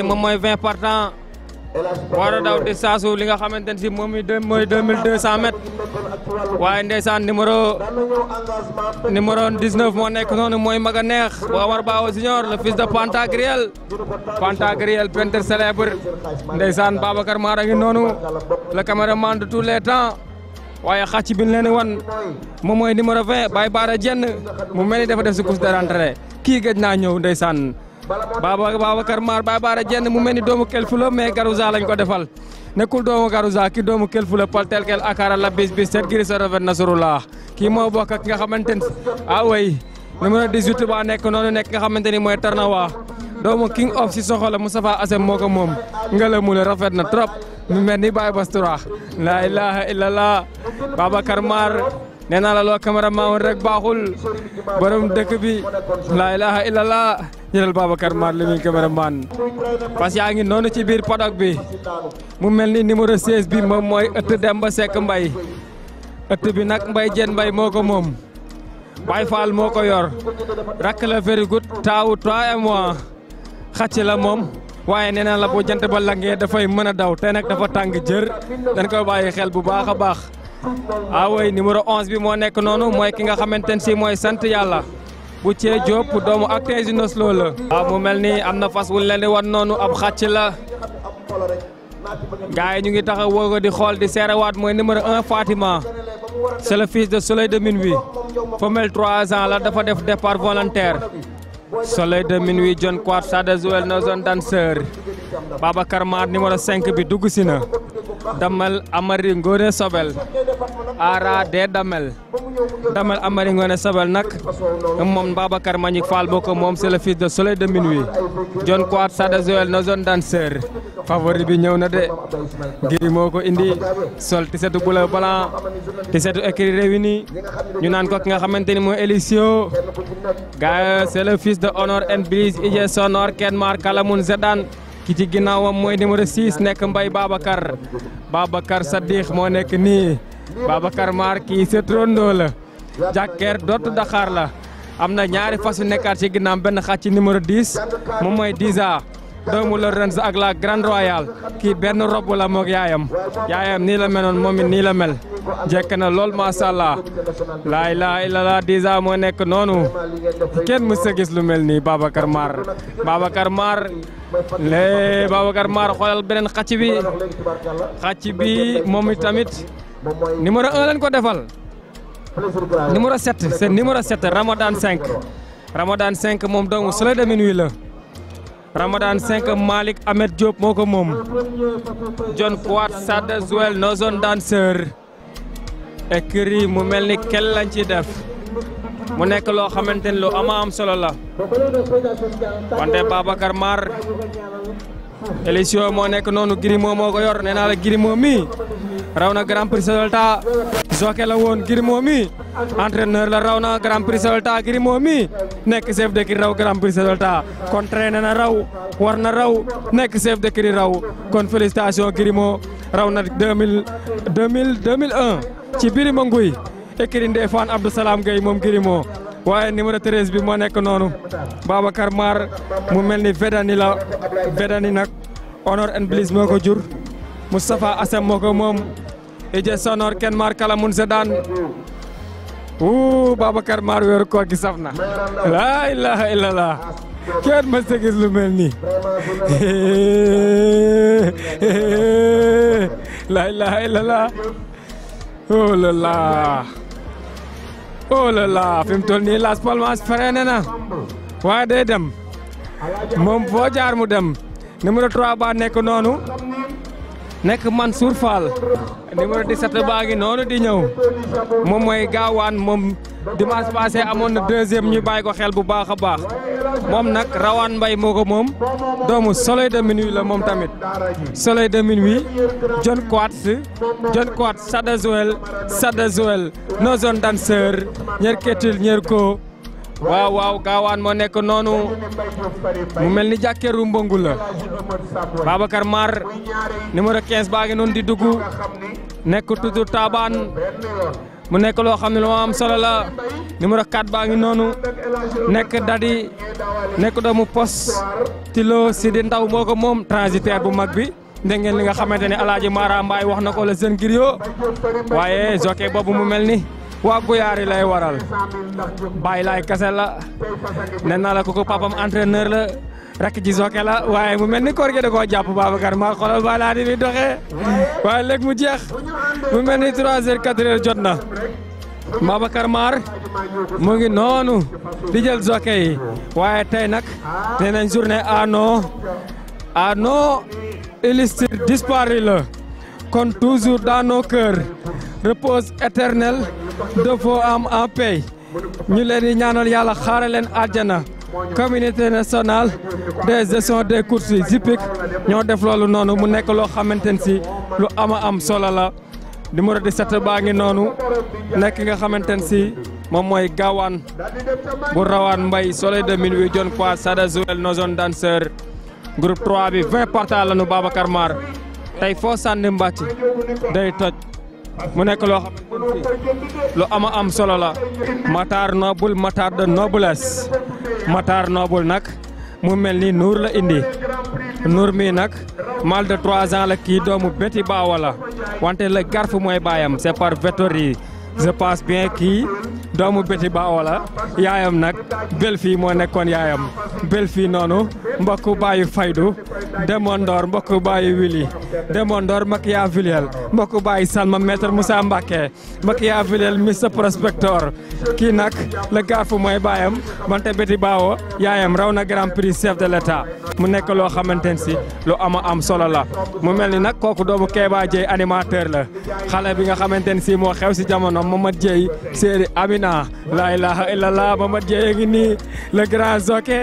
bi moom mooy 20 partants war a daw distance li nga xamante ne si moom mooy 2200 m waaye ndeysaan numéro numéro 19 moo nekk noonu mooy maga neex bu Amar Bao Junior le fils de Pantagriel Pantagriel peintre célèbre ndeysaan Babacar Mara ngi noonu le caméraman de tous les temps waaye xàcc bi ñu wan moom mooy numéro 20 Baye Bara Dieng mu mel ni def si course de rentrée kii gëj naa ñëw ndeysaan baaba Babacar Maar Baye Baara Jenn mu mel ni doomu Kelfu la mais Garouza lañ ko defal nekkul doomu Garouza ki doomu Kelfu la pal tel la bis bis set giri sa rafet kii moo bokk ak nga xamante ni ah way numéro 18 nekk noonu nekk nga xamante ni mooy Tarnawa doomu king of si soxla Moustapha Assem moo ko moom ngelamu la rafet na trop mu mel ni Baye Bastura la ilaha illallah Babacar Maar Nenala la lo loo ma won rek baxul borom dekk bi la ilaha illallah jëlal Babacar Mar li pas cameraman parce que yaa ci bir podok bi mu melni ni 16 bi mom moy eut Demba sek mbay eut bi nak mbay jen mbay moko mom koyor, Fall moko yor rak la very good taawu 3 mois xati la mom waye nee la bo jant ba langé da fay meuna daw te nag dafa tang jër dañ koy bayyi xel bu waawoy ah numéro 11 bi moo nekk noonu mooy ki nga xamante ne si mooy sant yàlla bu cee Diop doomu ak tey loo la waaw ah, mu mel ni am na fas wu leen di wan noonu ab xàcc la gars yi ñu ngi taxaw woo ko di xool di waat mooy numéro 1 Fatima c'est le fils de Soleil de Minuit femelle 3 ans la dafa def départ volontaire Soleil de Minuit John Quart Sada Joel na zone danseur Babacar Mar numéro 5 bi dugg si na Damel Amary Ngoone Sobel Aara de Damel Damel Amary Ngoone Sobel nag moom Babacar Mbagnick Fall boo ko moom c'est le fils de soleil de minuit John Quart Sada Joel no zone danseur favori bi ñëw na de giri ko indi sol tisetu bleu blanc tisetu écrit réuni ñu naan ko ki nga xamante ni mooy Elisio gaay de Honor and Breeze ije sonor Ken Mar Kalamun Zedan ki ci ginnaawam mooy numéro 6 nekk Mbaye Babacar Babacar Sadikh moo nekk nii Babacar Mar kii sa trondo la jàkkeer dootu la am na ñaari fas yu nekkaat ci ginnaam benn xaaj ci numéro 10 moom mooy 10A doomu Lorenz ak la Grande Royale kii benn rob la moog yaayam yaayam nii la meloon moom it nii la mel jekk na lool macha allah laay laay la la 10 moo nekk noonu kenn mës a lu mel nii Babacar Mar Babacar Mar. lee Babacar Maar xoolal beneen xàcc bi xàcc bi moom tamit numéro 1 ko defal numéro 7 c'est numéro 7 Ramadan 5 Ramadan 5 moom doomu Soleil de Minuit la Ramadan 5 Malick Ahmed Diop moo ko moom John Quat Sada Zuel Nozon danseur écrit mu mel ni kel ci def mu nek lo xamante lu ama am solo la wante Babacar Mar élection mo nek nonu Girimo moo ko yor neena naa la Girimo mi rawna Grand Prix solta joke la woon Girimo mi entraîneur la rawna Grand Prix Salta Girimo mi nek chef d'écurie raw Grand Prix solta kon traîné na raw war na raw nek chef de d'écurie raw kon félicitation Girimo raw na 2000 2000 2001 ci biri mo Nguy écurie Ndefane Abdou Salam Gueye moom Girimo waaye numéro 13 bi moo nekk noonu Babacar Mar mu mel ni Vedani la Vedani nag Honor and Bliss moo ko jur Moustapha Assem moo ko moom Ije Sonor Ken Mar kala mun sedan wuu Babacar Mar weeru koor na laa ilaha illallah kenn ma sa lu mel nii laa ilaha illallah oh la la oh là là fi mu toll nii Las Palmas freiné na waaye day dem moom foo jaar mu dem numéro 3 ba nekk noonu nekk man Mansour Fall numéro 17 baa ngi noonu di ñëw moom mooy gaawaan moom di dimanche passé amoon na deuxième ñu bàyyi ko xel bu baax a baax. moom nag rawaan mbay moo moom doomu soleil de minuit la moom tamit soleil de minuit John Coates John Coates Sada Joel Sada Joel no zone danseur ñer ketil ñer ko waaw waaw gaawaan moo nekk noonu mu mel ni jàkkeeru mbongu la Babacar Mar numéro 15 baa ngi di dugg nekk tudd Taabaan mu nekk loo xam ne lu ma am solo la numéro 4 baa ngi noonu nekk dadi nekk mu pos tilo si di ndaw moo ko moom transitaire bu mag bi dégg ngeen li nga xamante ne alaaji Mara Mbaye wax na ko la jeune griot waaye jockey boobu mu mel ni waa guyaari lay waral bàyyi laay kese la nee naa la kooku papam entraîneur la rakk ji sooke la waaye mu mel ni koor gi da koo jàpp Babacar maa xoolal ba laa di ni doxee waaye léegi mu jeex mu mel ni 3 heures 4 heures jot na Babacar Mar mu ngi noonu di jël sooke yi waaye tey nag nee nañ journée à non à non la kon toujours dans nos cœurs repose éternel de vos âmes ñu leen di ñaanal yàlla xaare leen àjjana communauté nationale de gestion des courses hippiques ñoo def loolu noonu mu nekk loo xamante ne si lu ama am solo la numéro 17 baa ngi noonu nekk nga xamante ne si moom mooy gaawaan bu rawaan mbay soleil de minuit wi jon quoi sada joel no zone danseur groupe 3 bi 20 parta lanu Babacar Mar tey foo sànni mbàcc day toj mu nekk loo xam lu ama am solo la Matar Noble Matar de noblesse Matar Noble nag mu mel ni nuur la indi Nour mii nag mal de trois ans la kii doomu Betty Bawa la wante la garf mooy baayam c'est par Vettori je pense bien kii doomu Béti Baawo la yaayam nag Belfi moo nekkoon yaayam Belfi noonu mbokku baayu Faydu Demondoor mbokku baayu Wili Demondoor Machiavelliel mbokku baayu Salma maître Moussa Mbacké Machiavelliel Mister Prospector kii nag la gaafu mooy baayam wante Béti Baawo yaayam rew na grand prix chef de l'État mu nekk loo xamante ne si lu ama am solo la mu mel ni nag kooku doomu Kéba Dieye animateur la xale bi nga xamante si moo xew si jamono Mamad Dieye séeri Amina grand laa ilaha illallah Mamad Dieye ngi nii le grand Zoké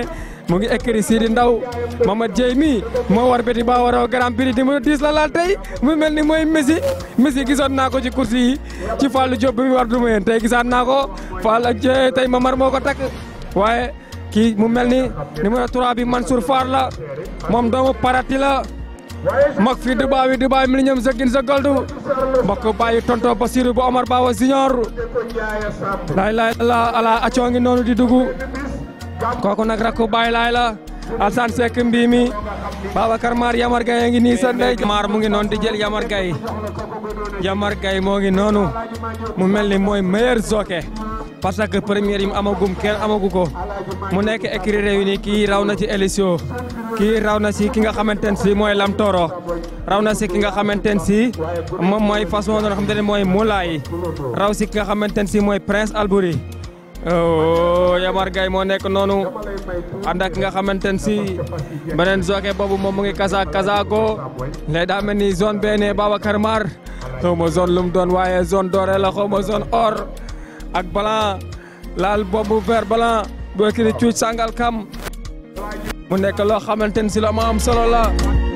mu ngi écrit Sidi Ndaw Mamad Dieye mi moo war beti ba waroo grand prix numéro 10 la laal tey mu mel ni mooy Messi Messi gisoon naa ko ci course yi ci Fallou Diop bi mu war du ma tey gisaat naa ko Fallou Dieye eh, tey Mamar moo ko takk waaye kii mu mel ni numéro 3 bi Mansour Fall la moom doomu parati la mag fi Dubai wi Dubai Millennium Zegin ze Gold mbokk tonto Basiru bu Omar Bawa Junior laay laay la ala acoo noonu di dugu kooku nag rakku bàyyi laay la Alsaan Seck mbiimi Babacar Mar Yamar Gaye ngi nii sa ndey mu ngi noonu di jël Yamar Gaye Yamar Gaye moo ngi noonu mu mel ni mooy meilleur jockey parce que première yi mu amagum kenn amagu ko mu nekk écrit réuni kii raw na ci élection kii raw na si ki nga xamante ne si mooy Lamtoro raw na si ki nga xamante ne si moom mooy façon doon xamante ne mooy Moulay raw si ki nga xamante ne si mooy Prince Albouri oh, Yamar Gaye moo nekk noonu ànd ki nga xamante ne si beneen joke boobu moom mu ngi kasa kasaago lay daa mel ni zone benn Babacar Mar xaw ma lu mu doon waaye zone doré la xaw ma zone or. ak Blanc laal boobu vert Blanc boo kii di cuuc sàngal kam mu nekk loo xamante ni si la ma am solo la